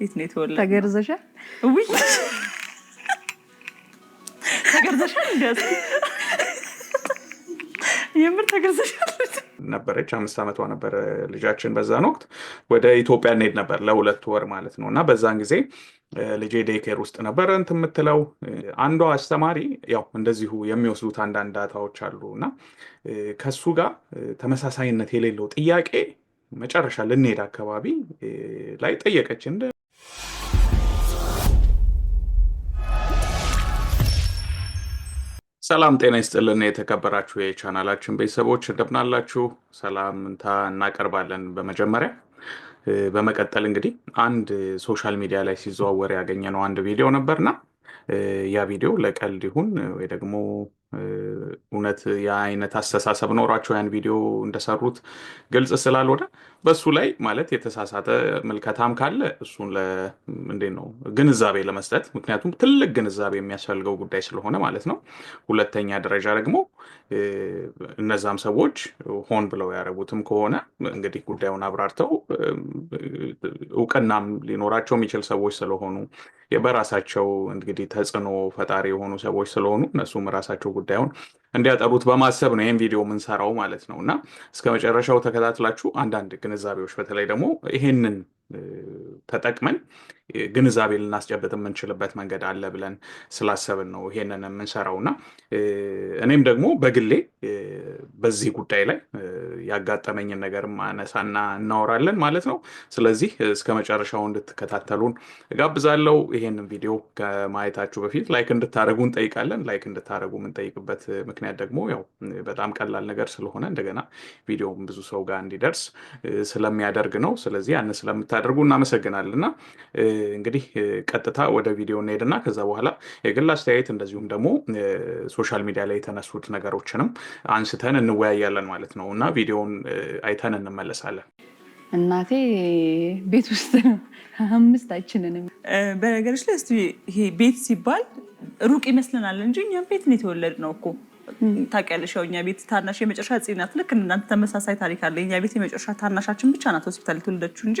ቤት ነው የተወለድነው። ተገርዘሻል? ውይ ተገርዘሻል? እንዲያስ የምር ተገርዘሻል? ነበረች አምስት ዓመቷ ነበረ ልጃችን። በዛን ወቅት ወደ ኢትዮጵያ እንሄድ ነበር ለሁለት ወር ማለት ነው። እና በዛን ጊዜ ልጄ ዴይኬር ውስጥ ነበረ እንትን የምትለው አንዷ አስተማሪ ያው እንደዚሁ የሚወስዱት አንዳንድ ዳታዎች አሉ እና ከሱ ጋር ተመሳሳይነት የሌለው ጥያቄ መጨረሻ ልንሄድ አካባቢ ላይ ጠየቀች እንደ ሰላም ጤና ይስጥልን። የተከበራችሁ የቻናላችን ቤተሰቦች እንደምናላችሁ ሰላምታ እናቀርባለን። በመጀመሪያ በመቀጠል እንግዲህ አንድ ሶሻል ሚዲያ ላይ ሲዘዋወር ያገኘ ነው አንድ ቪዲዮ ነበርና ያ ቪዲዮ ለቀልድ ይሁን ወይ ደግሞ እውነት አይነት አስተሳሰብ ኖሯቸው ያን ቪዲዮ እንደሰሩት ግልጽ ስላልሆነ በሱ ላይ ማለት የተሳሳተ ምልከታም ካለ እሱን እንዴት ነው ግንዛቤ ለመስጠት ምክንያቱም ትልቅ ግንዛቤ የሚያስፈልገው ጉዳይ ስለሆነ ማለት ነው። ሁለተኛ ደረጃ ደግሞ እነዛም ሰዎች ሆን ብለው ያደረጉትም ከሆነ እንግዲህ ጉዳዩን አብራርተው እውቅናም ሊኖራቸው የሚችል ሰዎች ስለሆኑ በራሳቸው እንግዲህ ተጽዕኖ ፈጣሪ የሆኑ ሰዎች ስለሆኑ እነሱም ራሳቸው ጉዳዩን እንዲያጠሩት በማሰብ ነው ይህን ቪዲዮ የምንሰራው ማለት ነው። እና እስከ መጨረሻው ተከታትላችሁ አንዳንድ ግንዛቤዎች በተለይ ደግሞ ይሄንን ተጠቅመን ግንዛቤ ልናስጨብጥ የምንችልበት መንገድ አለ ብለን ስላሰብን ነው ይሄንን የምንሰራው እና እኔም ደግሞ በግሌ በዚህ ጉዳይ ላይ ያጋጠመኝን ነገር ማነሳና እናወራለን ማለት ነው። ስለዚህ እስከ መጨረሻው እንድትከታተሉን እጋብዛለሁ። ይሄንን ቪዲዮ ከማየታችሁ በፊት ላይክ እንድታደረጉ እንጠይቃለን። ላይክ እንድታደረጉ የምንጠይቅበት ምክንያት ደግሞ ያው በጣም ቀላል ነገር ስለሆነ እንደገና ቪዲዮም ብዙ ሰው ጋር እንዲደርስ ስለሚያደርግ ነው። ስለዚህ ያን ስለምታደርጉ እናመሰግናለን። እና እንግዲህ ቀጥታ ወደ ቪዲዮ እንሄድና ከዛ በኋላ የግል አስተያየት እንደዚሁም ደግሞ ሶሻል ሚዲያ ላይ የተነሱት ነገሮችንም አንስተን እንወያያለን ማለት ነው እና ቪዲዮ ቪዲዮውን አይተን እንመለሳለን። እናቴ ቤት ውስጥ ነው አምስታችንንም። በነገሮች ላይ እስኪ ይሄ ቤት ሲባል ሩቅ ይመስለናል እንጂ እኛም ቤት ነው የተወለድነው እኮ ታውቂያለሽ። ያው እኛ ቤት ታናሽ የመጨረሻ ጽናት ልክ እናንተ ተመሳሳይ ታሪክ አለ። እኛ ቤት የመጨረሻ ታናሻችን ብቻ ናት ሆስፒታል የተወለደችው እንጂ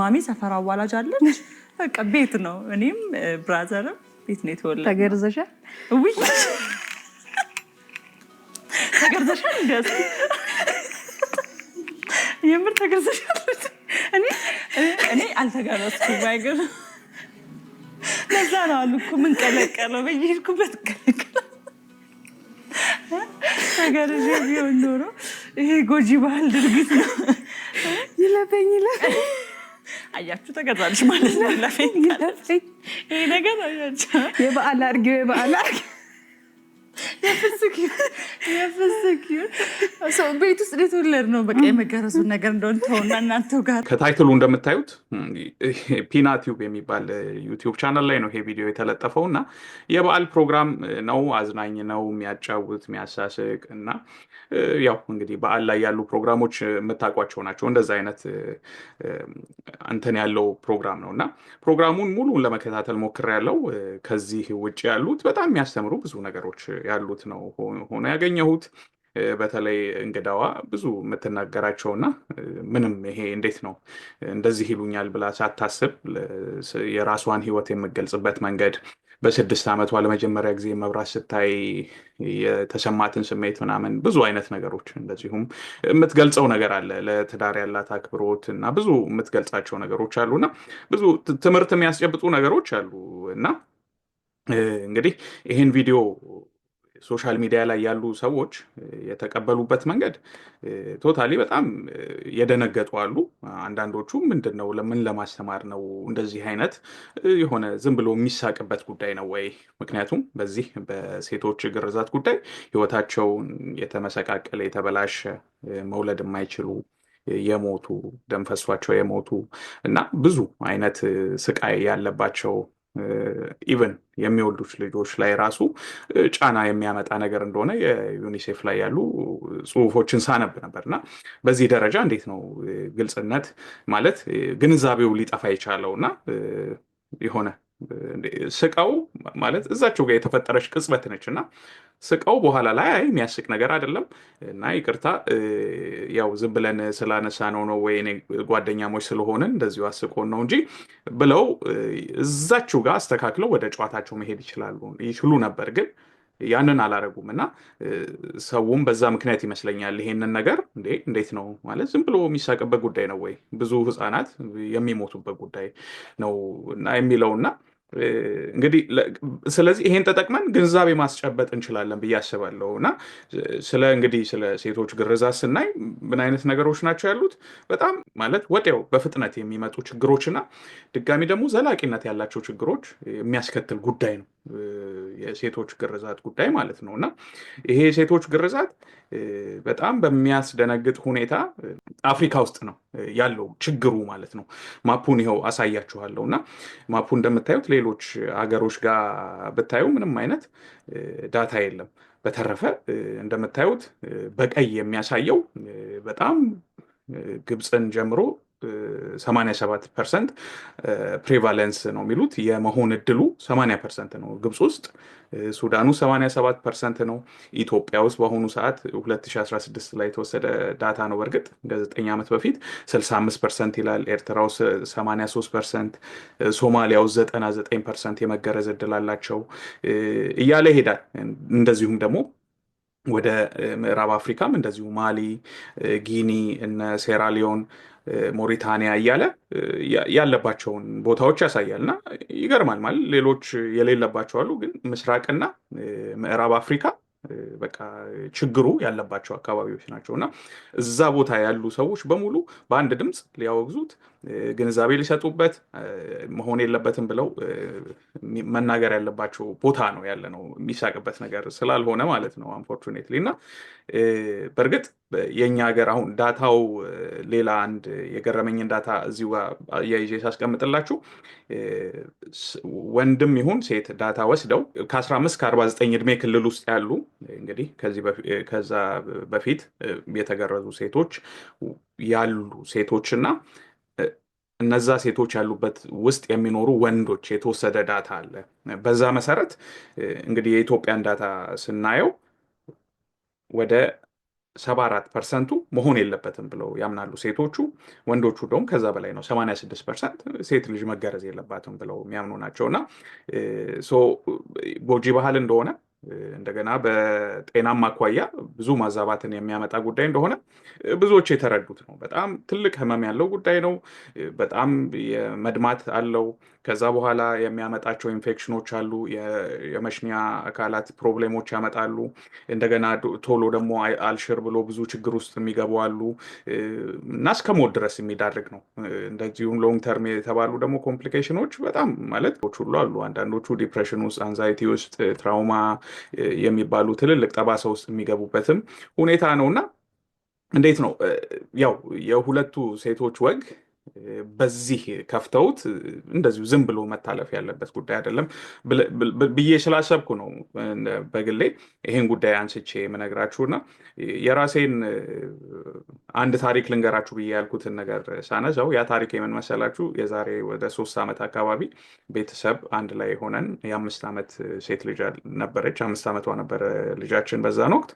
ማሚ ሰፈር አዋላጅ አለች። በቃ ቤት ነው። እኔም ብራዘርም ቤት ነው የተወለድነው። ተገርዘሻል? ውይ ተገርዘሻል? እንደ የምር ተገርዘሻለች? እኔ አልተገረዝኩም። አይገር ለዛ ነው አሉ እኮ ምን ቀለቀለው በየሄድኩበት ቀለቀለ ነገር ቢሆን ኖሮ ይሄ ጎጂ ባህል ድርጊት ነው። ይለፈኝ ይለፈኝ፣ አያችሁ ተገዛልሽ ማለት ነው። ይለፈኝ ይለፈኝ፣ ይሄ ነገር አያችሁ የበዓል አድርጊው የበዓል አድርጊው ቤት ውስጥ የተወለድ ነው። በቃ የመገረዙን ነገር እንደሆነ ተውና እናንተው ጋር ከታይትሉ እንደምታዩት ፒናቲዩብ የሚባል ዩቲዩብ ቻናል ላይ ነው ይሄ ቪዲዮ የተለጠፈው እና የበዓል ፕሮግራም ነው። አዝናኝ ነው፣ የሚያጫውት የሚያሳስቅ እና ያው እንግዲህ በዓል ላይ ያሉ ፕሮግራሞች የምታውቋቸው ናቸው። እንደዛ አይነት እንትን ያለው ፕሮግራም ነው እና ፕሮግራሙን ሙሉን ለመከታተል ሞክሬያለሁ። ከዚህ ውጭ ያሉት በጣም የሚያስተምሩ ብዙ ነገሮች ያሉት ነው። ነው ሆኖ ያገኘሁት። በተለይ እንግዳዋ ብዙ የምትናገራቸውና ምንም ይሄ እንዴት ነው እንደዚህ ይሉኛል ብላ ሳታስብ የራሷን ህይወት የምገልጽበት መንገድ በስድስት ዓመቷ ለመጀመሪያ ጊዜ መብራት ስታይ የተሰማትን ስሜት ምናምን ብዙ አይነት ነገሮች እንደዚሁም የምትገልጸው ነገር አለ። ለትዳር ያላት አክብሮት እና ብዙ የምትገልጻቸው ነገሮች አሉ እና ብዙ ትምህርት የሚያስጨብጡ ነገሮች አሉ እና እንግዲህ ይህን ቪዲዮ ሶሻል ሚዲያ ላይ ያሉ ሰዎች የተቀበሉበት መንገድ ቶታሊ በጣም የደነገጡ አሉ። አንዳንዶቹ ምንድን ነው ለምን ለማስተማር ነው እንደዚህ አይነት የሆነ ዝም ብሎ የሚሳቅበት ጉዳይ ነው ወይ? ምክንያቱም በዚህ በሴቶች ግርዛት ጉዳይ ህይወታቸውን የተመሰቃቀለ የተበላሸ መውለድ የማይችሉ የሞቱ ደም ፈሷቸው የሞቱ እና ብዙ አይነት ስቃይ ያለባቸው ኢቨን የሚወልዱት ልጆች ላይ ራሱ ጫና የሚያመጣ ነገር እንደሆነ የዩኒሴፍ ላይ ያሉ ጽሁፎችን ሳነብ ነበር። እና በዚህ ደረጃ እንዴት ነው ግልጽነት ማለት ግንዛቤው ሊጠፋ የቻለው እና የሆነ ስቀው ማለት እዛቸው ጋር የተፈጠረች ቅጽበት ነች እና ስቀው በኋላ ላይ አይ የሚያስቅ ነገር አይደለም እና ይቅርታ ያው ዝም ብለን ስላነሳ ነው ነው ወይ ጓደኛሞች ስለሆንን እንደዚሁ አስቆን ነው እንጂ ብለው እዛችሁ ጋር አስተካክለው ወደ ጨዋታቸው መሄድ ይችላሉ ይችሉ ነበር ግን ያንን አላረጉም እና ሰውም በዛ ምክንያት ይመስለኛል ይሄንን ነገር እንዴ እንዴት ነው ማለት ዝም ብሎ የሚሳቅበት ጉዳይ ነው ወይ ብዙ ህፃናት የሚሞቱበት ጉዳይ ነው እና የሚለውና እንግዲህ ስለዚህ ይሄን ተጠቅመን ግንዛቤ ማስጨበጥ እንችላለን ብዬ አስባለሁ እና ስለ እንግዲህ ስለ ሴቶች ግርዛት ስናይ ምን አይነት ነገሮች ናቸው ያሉት? በጣም ማለት ወዲያው በፍጥነት የሚመጡ ችግሮች እና ድጋሚ ደግሞ ዘላቂነት ያላቸው ችግሮች የሚያስከትል ጉዳይ ነው። የሴቶች ግርዛት ጉዳይ ማለት ነው እና ይሄ የሴቶች ግርዛት በጣም በሚያስደነግጥ ሁኔታ አፍሪካ ውስጥ ነው ያለው ችግሩ ማለት ነው። ማፑን ይኸው አሳያችኋለሁ እና ማፑ እንደምታዩት ሌሎች ሀገሮች ጋር ብታዩ ምንም አይነት ዳታ የለም። በተረፈ እንደምታዩት በቀይ የሚያሳየው በጣም ግብፅን ጀምሮ 87 ፐርሰንት ፕሬቫለንስ ነው የሚሉት የመሆን እድሉ 80 ፐርሰንት ነው። ግብፅ ውስጥ ሱዳኑ 87 ፐርሰንት ነው። ኢትዮጵያ ውስጥ በአሁኑ ሰዓት 2016 ላይ የተወሰደ ዳታ ነው። በእርግጥ ከ9 ዓመት በፊት 65 ፐርሰንት ይላል። ኤርትራ ውስጥ 83 ፐርሰንት፣ ሶማሊያ ውስጥ 99 ፐርሰንት የመገረዝ እድል አላቸው እያለ ይሄዳል። እንደዚሁም ደግሞ ወደ ምዕራብ አፍሪካም እንደዚሁ ማሊ፣ ጊኒ፣ እነ ሴራሊዮን፣ ሞሪታኒያ እያለ ያለባቸውን ቦታዎች ያሳያል እና ይገርማል። ማለት ሌሎች የሌለባቸው አሉ፣ ግን ምስራቅና ምዕራብ አፍሪካ በቃ ችግሩ ያለባቸው አካባቢዎች ናቸው እና እዛ ቦታ ያሉ ሰዎች በሙሉ በአንድ ድምፅ ሊያወግዙት ግንዛቤ ሊሰጡበት መሆን የለበትም ብለው መናገር ያለባቸው ቦታ ነው ያለ ነው የሚሳቅበት ነገር ስላልሆነ ማለት ነው። አንፎርቹኔትሊ እና በእርግጥ የእኛ ሀገር አሁን ዳታው ሌላ አንድ የገረመኝን ዳታ እዚሁ ጋር አያይዤ ሳስቀምጥላችሁ ወንድም ይሁን ሴት ዳታ ወስደው ከ15 ከ49 እድሜ ክልል ውስጥ ያሉ እንግዲህ ከዛ በፊት የተገረዙ ሴቶች ያሉ ሴቶች እና እነዛ ሴቶች ያሉበት ውስጥ የሚኖሩ ወንዶች የተወሰደ ዳታ አለ። በዛ መሰረት እንግዲህ የኢትዮጵያን ዳታ ስናየው ወደ ሰባ አራት ፐርሰንቱ መሆን የለበትም ብለው ያምናሉ ሴቶቹ። ወንዶቹ ደግሞ ከዛ በላይ ነው፣ ሰማንያ ስድስት ፐርሰንት ሴት ልጅ መገረዝ የለባትም ብለው የሚያምኑ ናቸው። እና ጎጂ ባህል እንደሆነ እንደገና በጤናም አኳያ ብዙ ማዛባትን የሚያመጣ ጉዳይ እንደሆነ ብዙዎች የተረዱት ነው። በጣም ትልቅ ህመም ያለው ጉዳይ ነው። በጣም መድማት አለው። ከዛ በኋላ የሚያመጣቸው ኢንፌክሽኖች አሉ። የመሽኒያ አካላት ፕሮብሌሞች ያመጣሉ። እንደገና ቶሎ ደግሞ አልሽር ብሎ ብዙ ችግር ውስጥ የሚገቡ አሉ እና እስከ ሞት ድረስ የሚዳርግ ነው። እንደዚሁም ሎንግ ተርም የተባሉ ደግሞ ኮምፕሊኬሽኖች በጣም ማለት ሁሉ አሉ። አንዳንዶቹ ዲፕሬሽን ውስጥ፣ አንዛይቲ ውስጥ፣ ትራውማ የሚባሉ ትልልቅ ጠባሳ ውስጥ የሚገቡበትም ሁኔታ ነው እና እንዴት ነው ያው የሁለቱ ሴቶች ወግ በዚህ ከፍተውት እንደዚሁ ዝም ብሎ መታለፍ ያለበት ጉዳይ አይደለም ብዬ ስላሰብኩ ነው በግሌ ይሄን ጉዳይ አንስቼ የምነግራችሁና የራሴን አንድ ታሪክ ልንገራችሁ ብዬ ያልኩትን ነገር ሳነሳው ያ ታሪክ የምንመሰላችሁ የዛሬ ወደ ሶስት ዓመት አካባቢ ቤተሰብ አንድ ላይ ሆነን የአምስት ዓመት ሴት ልጅ ነበረች። አምስት ዓመቷ ነበረ ልጃችን። በዛን ወቅት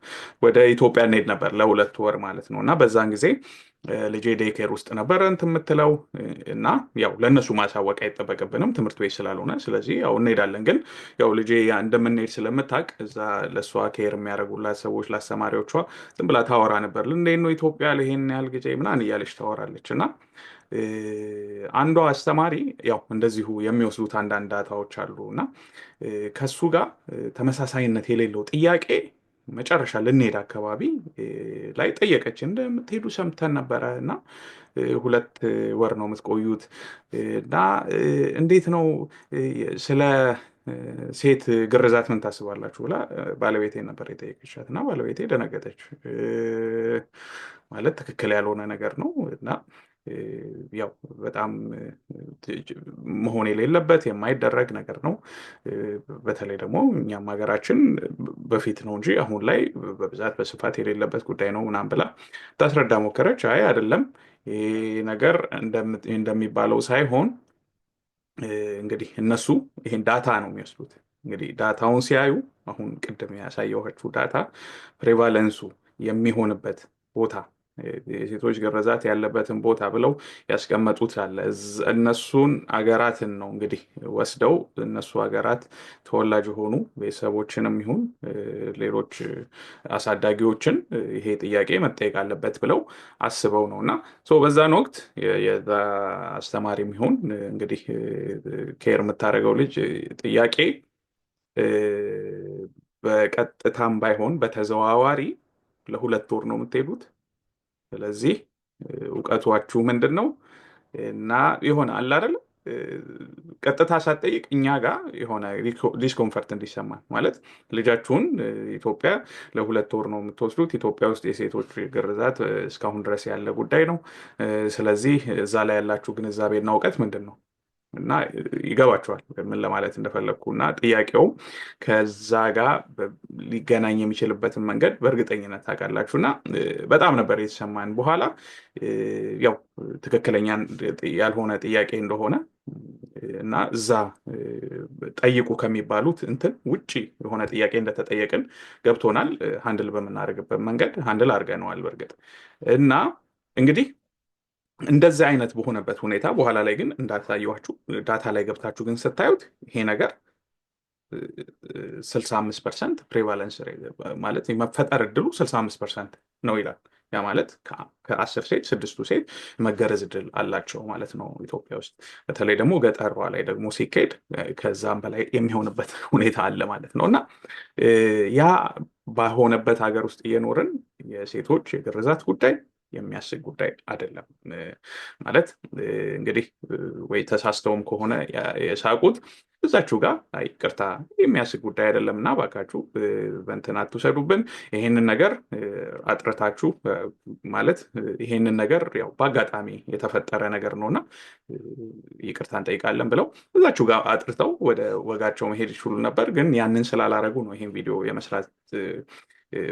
ወደ ኢትዮጵያ እንሄድ ነበር ለሁለት ወር ማለት ነው እና በዛን ጊዜ ልጄ ዴይኬር ውስጥ ነበረ እንትን የምትለው የምንችለው እና ያው ለእነሱ ማሳወቅ አይጠበቅብንም ትምህርት ቤት ስላልሆነ። ስለዚህ ያው እንሄዳለን። ግን ያው ልጄ እንደምንሄድ ስለምታውቅ እዛ ለእሷ ኬር የሚያደርጉላት ሰዎች ለአስተማሪዎቿ ዝም ብላ ታወራ ነበር። እንዴት ነው ኢትዮጵያ ይሄን ያህል ጊዜ ምናምን እያለች ታወራለች እና አንዷ አስተማሪ ያው እንደዚሁ የሚወስዱት አንዳንድ ዳታዎች አሉ እና ከሱ ጋር ተመሳሳይነት የሌለው ጥያቄ መጨረሻ ልንሄድ አካባቢ ላይ ጠየቀች። እንደምትሄዱ ሰምተን ነበረ እና ሁለት ወር ነው የምትቆዩት እና እንዴት ነው ስለ ሴት ግርዛት ምን ታስባላችሁ ብላ ባለቤቴ ነበር የጠየቀቻት እና ባለቤቴ ደነገጠች። ማለት ትክክል ያልሆነ ነገር ነው እና ያው በጣም መሆን የሌለበት የማይደረግ ነገር ነው። በተለይ ደግሞ እኛም ሀገራችን በፊት ነው እንጂ አሁን ላይ በብዛት በስፋት የሌለበት ጉዳይ ነው ምናምን ብላ ታስረዳ ሞከረች። አይ አይደለም ይሄ ነገር እንደሚባለው ሳይሆን እንግዲህ እነሱ ይሄን ዳታ ነው የሚወስዱት። እንግዲህ ዳታውን ሲያዩ አሁን ቅድም ያሳየኋችሁ ዳታ ፕሬቫለንሱ የሚሆንበት ቦታ የሴቶች ግርዛት ያለበትን ቦታ ብለው ያስቀመጡት አለ። እነሱን አገራትን ነው እንግዲህ ወስደው እነሱ ሀገራት ተወላጅ የሆኑ ቤተሰቦችንም ይሁን ሌሎች አሳዳጊዎችን ይሄ ጥያቄ መጠየቅ አለበት ብለው አስበው ነው እና በዛን ወቅት አስተማሪም ይሁን እንግዲህ ኬር የምታደርገው ልጅ ጥያቄ በቀጥታም ባይሆን በተዘዋዋሪ ለሁለት ወር ነው የምትሄዱት ስለዚህ እውቀቷችሁ ምንድን ነው እና የሆነ አለ ቀጥታ ሳትጠይቅ እኛ ጋር የሆነ ዲስኮንፈርት እንዲሰማን ማለት ልጃችሁን ኢትዮጵያ ለሁለት ወር ነው የምትወስዱት። ኢትዮጵያ ውስጥ የሴቶች ግርዛት እስካሁን ድረስ ያለ ጉዳይ ነው። ስለዚህ እዛ ላይ ያላችሁ ግንዛቤና እውቀት ምንድን ነው? እና ይገባቸዋል ምን ለማለት እንደፈለግኩ እና ጥያቄውም ከዛ ጋር ሊገናኝ የሚችልበትን መንገድ በእርግጠኝነት ታውቃላችሁ እና በጣም ነበር የተሰማን። በኋላ ያው ትክክለኛ ያልሆነ ጥያቄ እንደሆነ እና እዛ ጠይቁ ከሚባሉት እንትን ውጭ የሆነ ጥያቄ እንደተጠየቅን ገብቶናል። ሀንድል በምናደርግበት መንገድ ሀንድል አድርገነዋል። በእርግጥ እና እንግዲህ እንደዚህ አይነት በሆነበት ሁኔታ በኋላ ላይ ግን እንዳሳየኋችሁ ዳታ ላይ ገብታችሁ ግን ስታዩት ይሄ ነገር 65 ፐርሰንት ፕሬቫለንስ ማለት መፈጠር እድሉ 65 ፐርሰንት ነው ይላል። ያ ማለት ከአስር ሴት ስድስቱ ሴት መገረዝ እድል አላቸው ማለት ነው ኢትዮጵያ ውስጥ በተለይ ደግሞ ገጠሯ ላይ ደግሞ ሲካሄድ ከዛም በላይ የሚሆንበት ሁኔታ አለ ማለት ነው እና ያ በሆነበት ሀገር ውስጥ እየኖርን የሴቶች የግርዛት ጉዳይ የሚያስግ ጉዳይ አይደለም። ማለት እንግዲህ ወይ ተሳስተውም ከሆነ የሳቁት እዛችሁ ጋር ይቅርታ የሚያስግ ጉዳይ አይደለም እና እባካችሁ በእንትን አትውሰዱብን። ይሄንን ነገር አጥርታችሁ ማለት ይሄንን ነገር ያው በአጋጣሚ የተፈጠረ ነገር ነው እና ይቅርታ እንጠይቃለን ብለው እዛችሁ ጋር አጥርተው ወደ ወጋቸው መሄድ ይችሉ ነበር። ግን ያንን ስላላረጉ ነው ይሄን ቪዲዮ የመስራት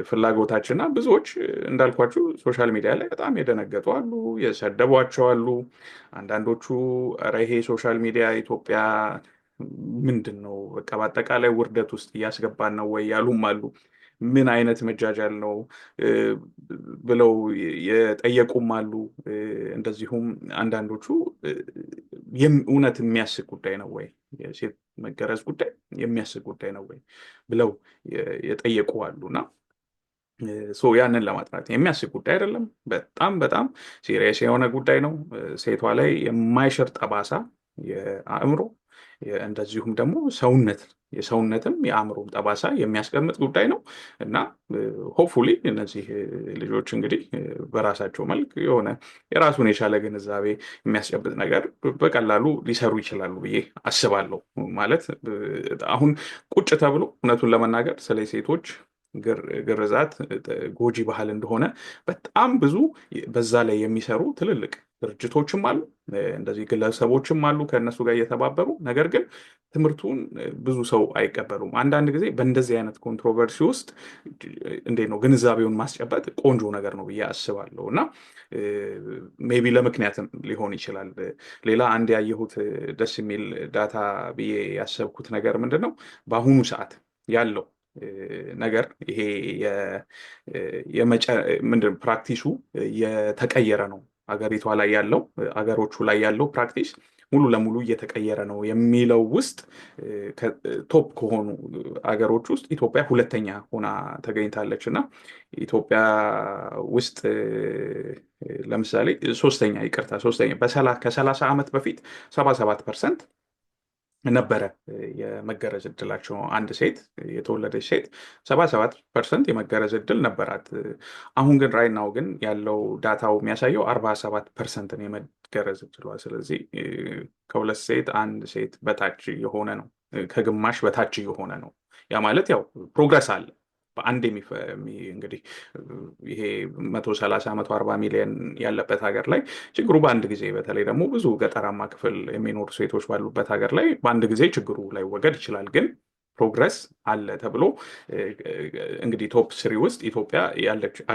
ፍላጎታችንና ብዙዎች እንዳልኳችሁ ሶሻል ሚዲያ ላይ በጣም የደነገጡ አሉ፣ የሰደቧቸው አሉ። አንዳንዶቹ ኧረ ይሄ ሶሻል ሚዲያ ኢትዮጵያ ምንድን ነው በቃ በአጠቃላይ ውርደት ውስጥ እያስገባን ነው ወይ ያሉም አሉ። ምን አይነት መጃጃል ነው ብለው የጠየቁም አሉ። እንደዚሁም አንዳንዶቹ እውነት የሚያስቅ ጉዳይ ነው ወይ የሴት መገረዝ ጉዳይ የሚያስቅ ጉዳይ ነው ወይ ብለው የጠየቁ አሉና ያንን ለማጥናት የሚያስብ ጉዳይ አይደለም። በጣም በጣም ሲሪየስ የሆነ ጉዳይ ነው። ሴቷ ላይ የማይሽር ጠባሳ የአእምሮ እንደዚሁም ደግሞ ሰውነት የሰውነትም የአእምሮም ጠባሳ የሚያስቀምጥ ጉዳይ ነው እና ሆፕፉሊ እነዚህ ልጆች እንግዲህ በራሳቸው መልክ የሆነ የራሱን የቻለ ግንዛቤ የሚያስጨብጥ ነገር በቀላሉ ሊሰሩ ይችላሉ ብዬ አስባለሁ። ማለት አሁን ቁጭ ተብሎ እውነቱን ለመናገር ስለ ሴቶች ግርዛት ጎጂ ባህል እንደሆነ በጣም ብዙ በዛ ላይ የሚሰሩ ትልልቅ ድርጅቶችም አሉ፣ እንደዚህ ግለሰቦችም አሉ ከእነሱ ጋር እየተባበሩ ነገር ግን ትምህርቱን ብዙ ሰው አይቀበሉም። አንዳንድ ጊዜ በእንደዚህ አይነት ኮንትሮቨርሲ ውስጥ እንዴት ነው ግንዛቤውን ማስጨበጥ ቆንጆ ነገር ነው ብዬ አስባለሁ። እና ሜቢ ለምክንያትም ሊሆን ይችላል። ሌላ አንድ ያየሁት ደስ የሚል ዳታ ብዬ ያሰብኩት ነገር ምንድን ነው በአሁኑ ሰዓት ያለው ነገር ይሄ ምንድን ፕራክቲሱ የተቀየረ ነው አገሪቷ ላይ ያለው አገሮቹ ላይ ያለው ፕራክቲስ ሙሉ ለሙሉ እየተቀየረ ነው የሚለው ውስጥ ቶፕ ከሆኑ አገሮች ውስጥ ኢትዮጵያ ሁለተኛ ሆና ተገኝታለች እና ኢትዮጵያ ውስጥ ለምሳሌ ሶስተኛ ይቅርታ ሶስተኛ ከሰላሳ ዓመት በፊት ሰባ ሰባት ፐርሰንት ነበረ የመገረዝ እድላቸው። አንድ ሴት የተወለደች ሴት ሰባ ሰባት ፐርሰንት የመገረዝ እድል ነበራት። አሁን ግን ራይናው ግን ያለው ዳታው የሚያሳየው አርባ ሰባት ፐርሰንት ነው የመገረዝ እድሏ። ስለዚህ ከሁለት ሴት አንድ ሴት በታች የሆነ ነው፣ ከግማሽ በታች የሆነ ነው። ያ ማለት ያው ፕሮግረስ አለ በአንድ እንግዲህ ይሄ መቶ ሰላሳ መቶ አርባ ሚሊዮን ያለበት ሀገር ላይ ችግሩ በአንድ ጊዜ በተለይ ደግሞ ብዙ ገጠራማ ክፍል የሚኖሩ ሴቶች ባሉበት ሀገር ላይ በአንድ ጊዜ ችግሩ ላይወገድ ይችላል ግን ፕሮግረስ አለ ተብሎ እንግዲህ ቶፕ ስሪ ውስጥ ኢትዮጵያ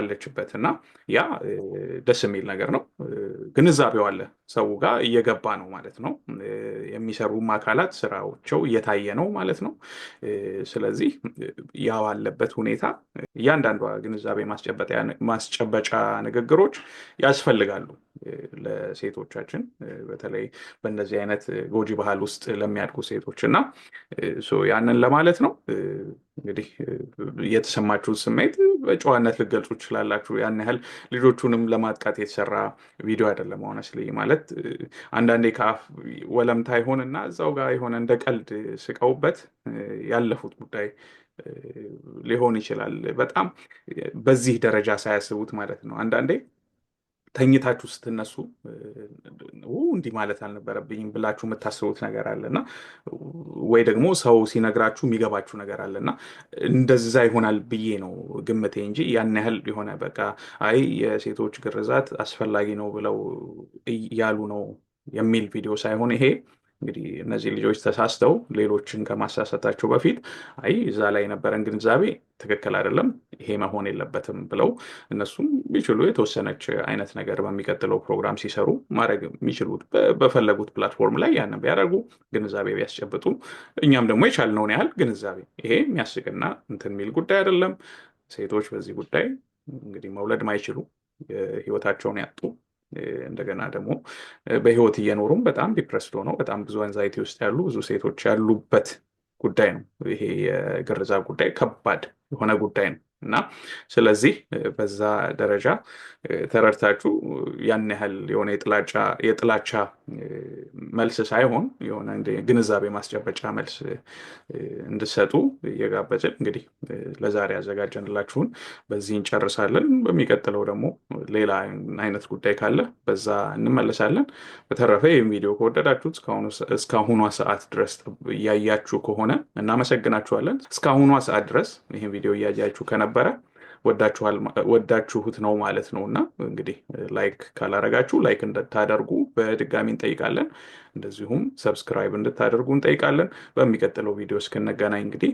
አለችበት እና ያ ደስ የሚል ነገር ነው። ግንዛቤው አለ ሰው ጋር እየገባ ነው ማለት ነው። የሚሰሩም አካላት ስራዎቸው እየታየ ነው ማለት ነው። ስለዚህ ያ ባለበት ሁኔታ እያንዳንዷ ግንዛቤ ማስጨበጫ ንግግሮች ያስፈልጋሉ ለሴቶቻችን በተለይ በእነዚህ አይነት ጎጂ ባህል ውስጥ ለሚያድጉ ሴቶች እና ያንን ማለት ነው። እንግዲህ የተሰማችሁን ስሜት በጨዋነት ልገልጹ ትችላላችሁ። ያን ያህል ልጆቹንም ለማጥቃት የተሰራ ቪዲዮ አይደለም። ሆነ ስልይ ማለት አንዳንዴ ከአፍ ወለምታ ይሆን እና እዛው ጋር የሆነ እንደ ቀልድ ስቀውበት ያለፉት ጉዳይ ሊሆን ይችላል። በጣም በዚህ ደረጃ ሳያስቡት ማለት ነው አንዳንዴ ተኝታችሁ ስትነሱ እንዲህ ማለት አልነበረብኝም ብላችሁ የምታስቡት ነገር አለና ወይ ደግሞ ሰው ሲነግራችሁ የሚገባችሁ ነገር አለና እንደዛ ይሆናል ብዬ ነው ግምቴ እንጂ ያን ያህል የሆነ በቃ አይ የሴቶች ግርዛት አስፈላጊ ነው ብለው እያሉ ነው የሚል ቪዲዮ ሳይሆን ይሄ እንግዲህ እነዚህ ልጆች ተሳስተው ሌሎችን ከማሳሳታቸው በፊት አይ እዛ ላይ የነበረን ግንዛቤ ትክክል አይደለም፣ ይሄ መሆን የለበትም ብለው እነሱም ቢችሉ የተወሰነች አይነት ነገር በሚቀጥለው ፕሮግራም ሲሰሩ ማድረግ የሚችሉት በፈለጉት ፕላትፎርም ላይ ያንን ቢያደርጉ ግንዛቤ ቢያስጨብጡ፣ እኛም ደግሞ የቻልነውን ያህል ግንዛቤ ይሄ የሚያስቅና እንትን የሚል ጉዳይ አይደለም። ሴቶች በዚህ ጉዳይ እንግዲህ መውለድ ማይችሉ ህይወታቸውን ያጡ እንደገና ደግሞ በህይወት እየኖሩም በጣም ዲፕረስድ ሆነው በጣም ብዙ አንዛይቲ ውስጥ ያሉ ብዙ ሴቶች ያሉበት ጉዳይ ነው። ይሄ የግርዛ ጉዳይ ከባድ የሆነ ጉዳይ ነው። እና ስለዚህ በዛ ደረጃ ተረድታችሁ ያን ያህል የሆነ የጥላቻ መልስ ሳይሆን የሆነ ግንዛቤ ማስጨበጫ መልስ እንድሰጡ እየጋበዝን እንግዲህ ለዛሬ ያዘጋጀንላችሁን በዚህ እንጨርሳለን። በሚቀጥለው ደግሞ ሌላ አይነት ጉዳይ ካለ በዛ እንመለሳለን። በተረፈ ይህም ቪዲዮ ከወደዳችሁት እስካሁኗ ሰዓት ድረስ እያያችሁ ከሆነ እናመሰግናችኋለን። እስካሁኗ ሰዓት ድረስ ይህም ቪዲዮ እያያችሁ ከነበ ነበረ። ወዳችሁት ነው ማለት ነው። እና እንግዲህ ላይክ ካላረጋችሁ ላይክ እንድታደርጉ በድጋሚ እንጠይቃለን። እንደዚሁም ሰብስክራይብ እንድታደርጉ እንጠይቃለን። በሚቀጥለው ቪዲዮ እስክንገናኝ እንግዲህ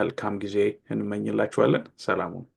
መልካም ጊዜ እንመኝላችኋለን። ሰላሙን